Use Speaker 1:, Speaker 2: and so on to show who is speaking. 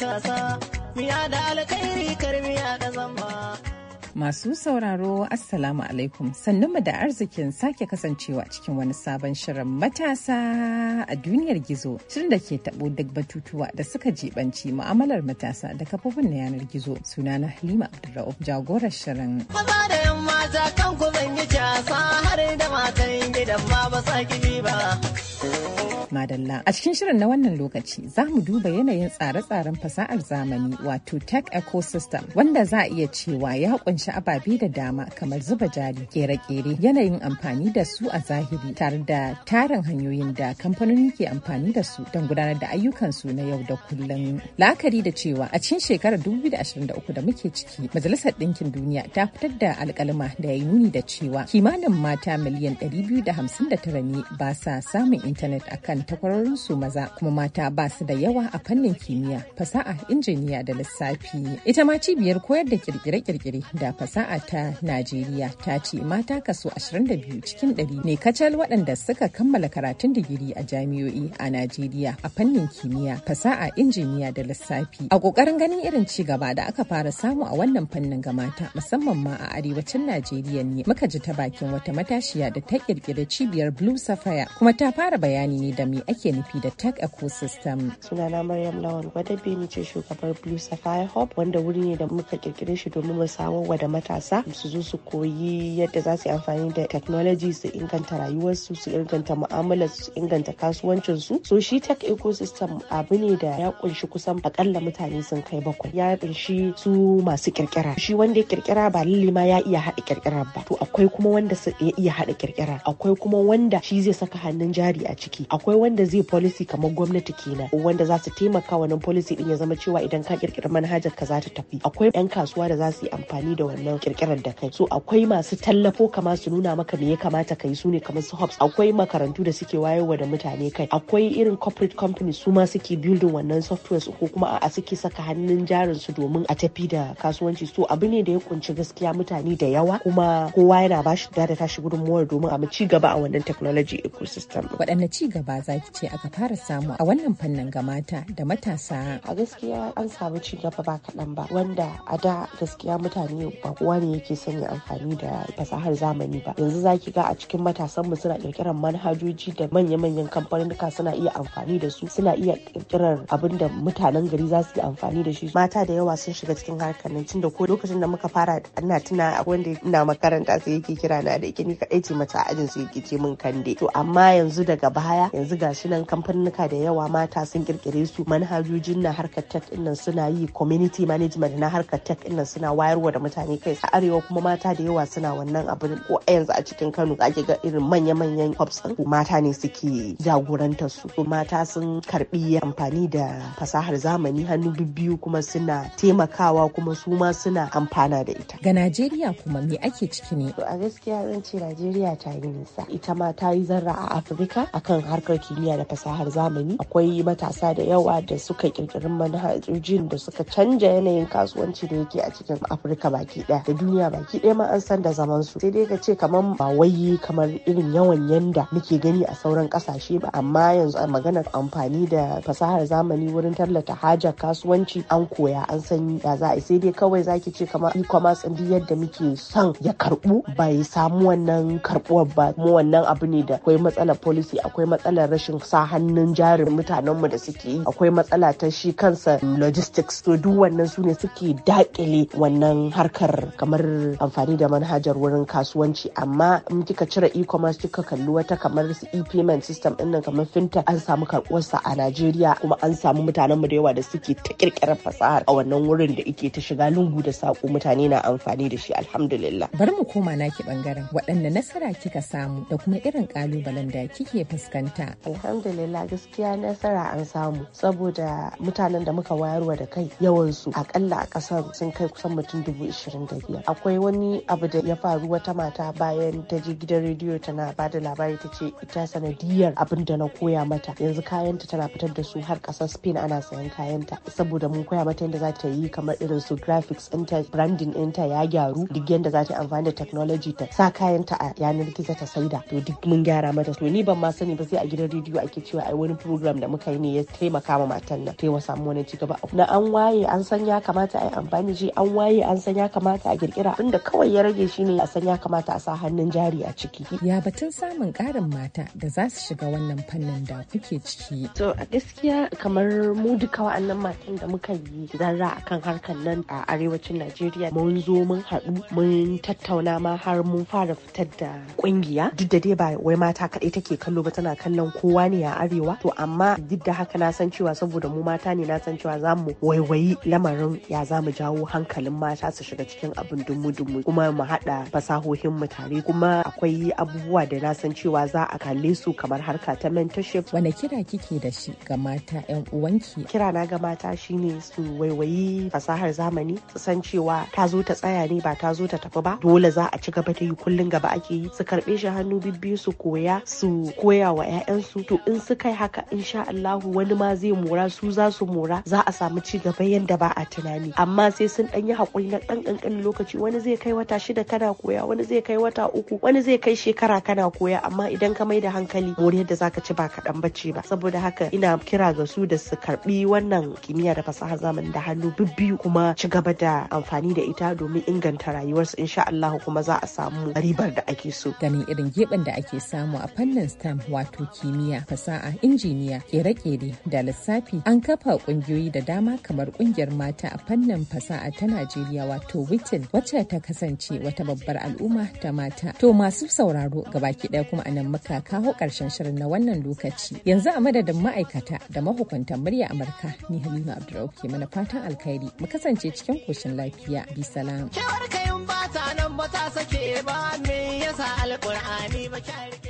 Speaker 1: da alkhairi karmiya da zamba.
Speaker 2: Masu sauraro Assalamu alaikum sannanmu da arzikin sake kasancewa cikin wani sabon shirin matasa a duniyar gizo shirin da ke taɓo duk batutuwa da suka jibanci mu'amalar matasa da kafofin na yanar gizo sunana Halima Abdulra'uf jagorar shirin. Maza
Speaker 1: da yamma
Speaker 2: A cikin shirin na wannan lokaci za mu duba yanayin tsare-tsaren fasahar zamani wato tech ecosystem wanda za a iya cewa ya kunshi ababe da dama kamar zuba jari, kere-kere, yanayin amfani da su a zahiri tare da tarin hanyoyin da kamfanoni ke amfani da su don gudanar da ayyukansu na yau da kullum. La'akari da cewa a cikin shekarar 2023 da muke ciki, Majalisar Ɗinkin Duniya ta fitar da alkalima da ya yi nuni da cewa kimanin mata miliyan 259 ne ba sa samun intanet akan takwarar su maza kuma mata ba su da yawa a fannin kimiyya fasa'a injiniya da lissafi ita ma cibiyar koyar da kirkire-kirkire da fasa'a ta najeriya ta ce mata kaso 22 cikin 100 ne kacal waɗanda suka kammala karatun digiri a jami'o'i a najeriya a fannin kimiyya fasa'a injiniya da lissafi a ƙoƙarin ganin irin ci gaba da aka fara samu a wannan fannin ga mata musamman ma a arewacin najeriya ne muka ji ta bakin wata matashiya da ta kirkiri cibiyar blue sapphire kuma ta fara bayani ne da me ake ke nufi da tech ecosystem. Sunana Maryam Lawan Gwadabe ni ce
Speaker 1: shugabar Blue Sapphire Hub wanda wuri ne da muka kirkire shi domin mu samu da matasa su zo su koyi yadda za su yi amfani da technology su inganta rayuwarsu su inganta mu'amalar su inganta kasuwancin su. So shi tech ecosystem abu ne da ya kunshi kusan akalla mutane sun kai bakwai. Ya kunshi su masu kirkira. Shi wanda ya kirkira ba lalle ma ya iya haɗa kirkira ba. To akwai kuma wanda ya iya haɗa kirkira. Akwai kuma wanda shi zai saka hannun jari a ciki. Akwai wanda zai policy kamar gwamnati kenan wanda za su taimaka wannan policy din ya zama cewa idan ka kirkira manhajar ka za ta tafi akwai yan kasuwa da za su yi amfani da wannan kirkirar da kai so akwai masu tallafo kamar su nuna maka me ya kamata kai su ne kamar su hubs akwai makarantu da suke wayewa da mutane kai akwai irin corporate company su ma suke building wannan software ko kuma a suke saka hannun jarin su domin a tafi da kasuwanci so abu ne da ya kunci gaskiya mutane da yawa
Speaker 2: kuma kowa yana ba shi da tashi gudunmuwar domin a ci gaba a wannan technology ecosystem waɗanne ci gaba za ce aka fara samu a wannan fannin ga mata da matasa. A gaskiya an samu ci gaba ba kaɗan ba wanda a da gaskiya mutane ba kowa ne yake sanya
Speaker 1: amfani da fasahar zamani ba. Yanzu za ki ga a cikin matasan mu suna ƙirƙirar manhajoji da manya-manyan kamfanonika suna iya amfani da su suna iya ƙirƙirar abin da mutanen gari za su yi amfani da shi. Mata da yawa sun shiga cikin harkar nan tunda ko lokacin da muka fara ana tuna wanda ina makaranta sai yake kira na da ke ni kaɗai ce mata a ajin su yake ce min kande. To amma yanzu daga baya yanzu gashi nan kamfanuka da yawa mata sun kirkire su manhajojin na harkar tech nan suna yi community management na harkar tech nan suna wayarwa da mutane kai a arewa kuma mata da yawa suna wannan abin ko a yanzu a cikin Kano ake ga irin manya-manyan hubs mata ne suke jagoranta su mata sun karbi amfani da fasahar zamani hannu bibbiyu kuma suna taimakawa kuma su ma suna amfana da ita ga Najeriya kuma me ake ciki ne a gaskiya zan ce Najeriya ta yi nisa ita ma ta yi zarra a Afirka akan harkar kimiyya da fasahar zamani akwai matasa da yawa da suka kirkiri manhajojin da suka canja yanayin kasuwanci da yake a cikin afirka baki daya da duniya baki daya ma an san da zaman su sai dai ka ce kamar ba wai kamar irin yawan yanda muke gani a sauran kasashe ba amma yanzu a maganar amfani da fasahar zamani wurin tallata hajar kasuwanci an koya an san ya za a sai dai kawai zaki ce kamar e-commerce din yadda muke son ya karbu bai samu wannan karbuwar ba mu wannan abu ne da akwai matsalar policy akwai matsalar rashin sa hannun jarin mutanenmu da suke yi akwai matsala ta shi kansa logistics to duk wannan su ne suke dakile wannan harkar kamar amfani da manhajar wurin kasuwanci amma in kika cire e-commerce kika kalli wata kamar su e-payment system din nan kamar fintech an samu sa a Najeriya kuma an samu mutanenmu da yawa da suke ta kirkirar fasahar a wannan wurin da ike ta shiga lungu da sako mutane na amfani da shi alhamdulillah
Speaker 2: Bar mu koma naki bangaren waɗanne nasara kika samu da kuma irin ƙalubalen da kike fuskanta alhamdulillah
Speaker 1: alhamdulillah gaskiya nasara an samu saboda mutanen da muka wayarwa da kai yawansu akalla a kasar sun kai kusan mutum dubu ishirin da biyar akwai wani abu da ya faru wata mata bayan ta je gidan rediyo tana ba da labari ta ce ita sanadiyar abin da na koya mata yanzu kayanta tana fitar da su har kasar spain ana sayan kayanta saboda mun koya mata yadda za ta yi kamar irin su graphics inta branding inta ya gyaru duk yadda za ta amfani da technology ta sa kayanta a yanar gizo ta saida to duk mun gyara mata to ni ban ma sani ba sai a gidan rediyo a yake cewa ai wani program da muka yi ne ya taimaka ma matan nan to ya samu wani cigaba na an waye an san ya kamata a yi amfani shi an waye an san ya kamata a kirkira da kawai ya rage shi ne a san ya kamata a sa hannun jari a ciki ya
Speaker 2: batun samun karin mata da za su shiga wannan
Speaker 1: fannin da kuke ciki to a gaskiya kamar mu duka wa'annan matan da muka yi zarra kan harkan nan a arewacin Najeriya mun zo mun haɗu mun tattauna ma har mun fara fitar da kungiya duk da dai ba wai mata kaɗai take kallo ba tana kallon kowa ne a arewa to amma duk da haka na san cewa saboda mu mata ne na san cewa za mu waiwayi lamarin ya zamu jawo hankalin mata su shiga cikin abin dumu-dumu kuma mu hada fasahohin mu tare kuma akwai abubuwa da na san cewa za a kalle su kamar harka ta mentorship. wanda kira kike da shi ga mata 'yan uwanki? Kira na ga mata shine su waiwayi fasahar zamani su san cewa ta zo ta tsaya ne ba ta zo ta tafi ba dole za a ci gaba ta yi kullun gaba ake yi su karbe shi hannu bibbiyu su koya su koya wa 'ya'yansu to in su kai haka insha Allahu wani ma zai mora su za su mora za a samu ci gaba yanda ba a tunani amma sai sun dan yi hakuri na dan kankan lokaci wani zai kai wata shida kana koya wani zai kai wata uku wani zai kai shekara kana koya amma idan ka mai da hankali moriyar da zaka ci ba kaɗan bace ba saboda haka ina kira ga su da su karbi wannan kimiyya da fasaha zamani da hannu bibbiyu kuma ci gaba da amfani da ita domin inganta rayuwarsu insha Allahu kuma za
Speaker 2: a samu ribar da ake so ganin irin geben da ake samu a fannin STEM wato kimiyya fasaha injiniya kere-kere da lissafi an kafa kungiyoyi da dama kamar kungiyar mata a fannin fasaha ta najeriya wato witin wacce ta kasance wata babbar al'umma ta mata to masu sauraro gabaki daya kuma anan muka kawo karshen shirin na wannan lokaci yanzu a madadin ma'aikata da mahukuntan murya amurka ni halima abdurrahman ke mana fatan alkhairi mu kasance cikin koshin lafiya bi salam
Speaker 1: kewar kayan ba nan ba ta sake ba me yasa alkur'ani ba